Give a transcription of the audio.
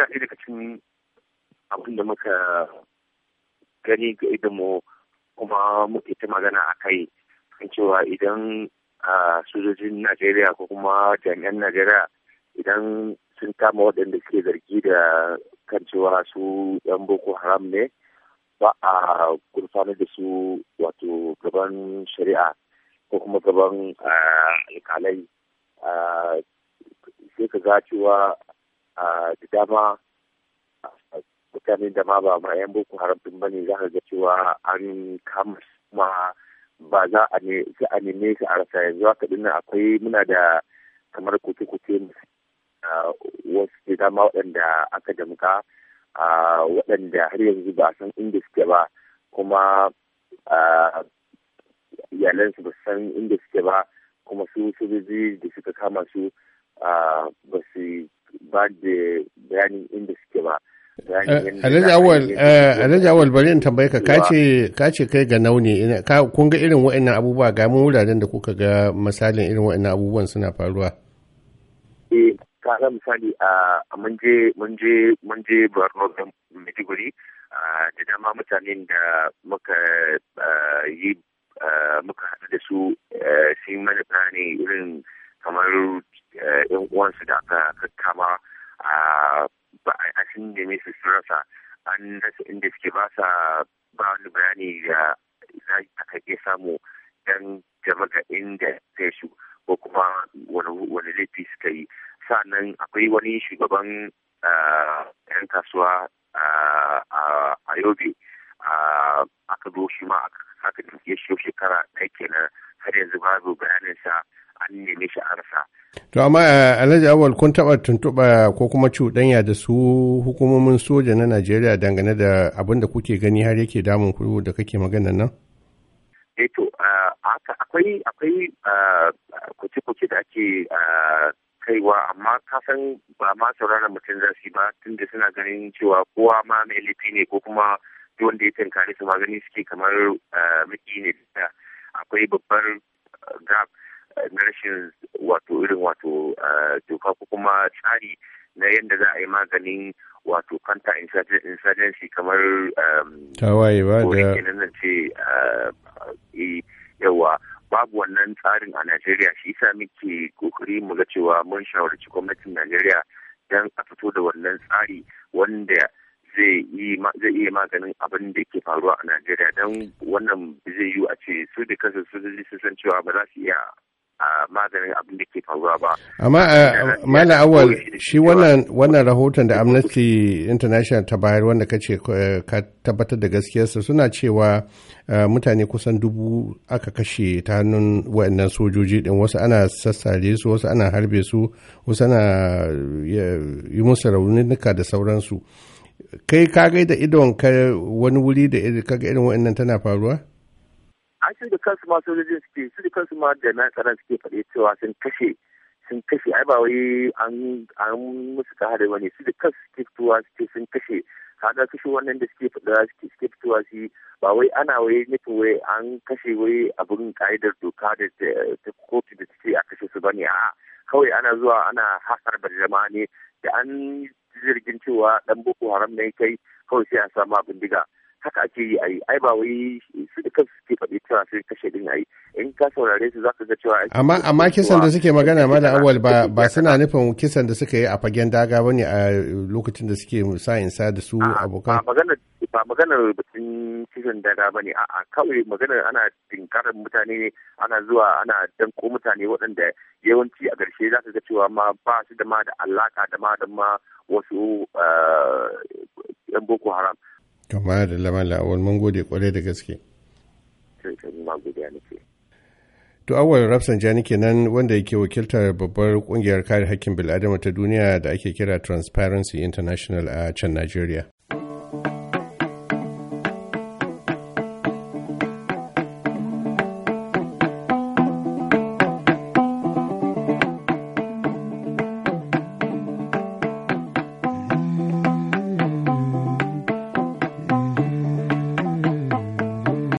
yana ɗaya daga cikin abin da muka gani ga idonmu kuma muke ta magana a kai kan cewa idan sojojin najeriya ko kuma jami'an najeriya idan sun kama waɗanda suke zargi da kan cewa su yan boko haram ne ba a gurfanar da su wato gaban shari'a ko kuma gaban alkalai sai ka ga cewa da dama mutane da ma ba ma yan boko haram din bane za ka ga cewa an kama kuma ba za a neme su a rasa yanzu haka din akwai muna da kamar kuce-kuce wasu da dama waɗanda aka damka waɗanda har yanzu ba san inda suke ba kuma iyalansu ba san inda suke ba kuma su sojoji da suka kama su ba su ba da bayanin inda suke ba. Eh, Alhaji eh, Awal bari in tambaye ka ka ce kai ga nauni kun ga irin wa'annan abubuwa ga mun wuraren da kuka ga misalin irin wa'annan abubuwan suna faruwa. Eh ka misali a mun je mun je mun je Borno da Maiduguri da dama mutanen da muka yi muka haɗu da su eh, sun mana bayani irin kamar yan eh, uwansu da aka kakkama ba a sun neme su rasa an rasa inda suke ba sa ba wani bayani da za aka iya samu dan jama'a inda ta su ko kuma wani laifi suka yi sannan akwai wani shugaban yan kasuwa a yobe aka zo shi ma aka shi shekara ɗaya kenan har yanzu babu bayani to amma eh, alhaji awal kun taɓa tuntuɓa ko kuma cuɗanya da su hukumomin soja na najeriya dangane da abin da kuke gani har yake damun ku da kake magana nan eh to eh, akwai akwai eh, kuce-kuce da ake kaiwa amma kasan ba ma sauraron mutum za su ba tunda suna ganin cewa kowa ma mai laifi ne ko kuma wanda ya tankare su ma gani suke kamar maki ne da akwai babbar gap na rashin wato irin wato eh, doka ko kuma tsari na yadda za a yi maganin wato kanta insurgency kamar tawaye ba da ce eh, eh, yawa babu wannan tsarin a Najeriya shi yasa muke kokari mu ga cewa mun shawarci gwamnatin Najeriya don a fito da wannan tsari wanda zai iya maganin abin da ke faruwa a Najeriya don wannan zai yiwu a ce su da kansu su san cewa ba za su iya maganin abin da ke faruwa ba. Amma uh, mana awal shi wannan rahoton da Amnesty International ta bayar wanda ka ce uh, ka tabbatar da gaskiyarsa suna cewa uh, mutane kusan dubu aka kashe ta hannun waɗannan sojoji din wasu ana sassare su wasu ana harbe su wasu ana yi musu raunuka da sauransu. Kai ka gaida idon wani wuri da ka ga irin waɗannan tana faruwa? an su da kansu ma sojojin suke su da kansu ma da na tsaron suke faɗi cewa sun kashe sun kashe ai ba wai an an musu ta hada bane su da kansu suke fitowa suke sun kashe kaga kashe wannan da suke fitowa suke suke fitowa su ba wai ana wai nufin wai an kashe wai abun ka'idar doka da ta kotu da take a kashe su bane a'a kawai ana zuwa ana hasar jama'a ne da an jirgin cewa dan boko haram ne kai kawai sai a samu abin diga haka ake yi a ai ba wai su da kansu suke faɗi tana sai kashe din ayi in ka saurare su zaka ga cewa amma amma kisan da suke magana ma da awal ba ba suna nufin kisan da suka yi a fagen daga bane a lokacin da suke sa da su abokan ba maganar batun kisan daga bane ne a'a kawai maganar ana tinkarar mutane ne ana zuwa ana danko mutane waɗanda yawanci a ƙarshe za ka ga cewa ma ba su da ma da alaka da ma da ma wasu eh, yan boko haram Kama da lamala awal mun gode kwarai da gaske. To awal jani kenan wanda yake wakiltar babbar kungiyar kare hakkin bil'adama ta duniya da ake kira Transparency International a can Najeriya.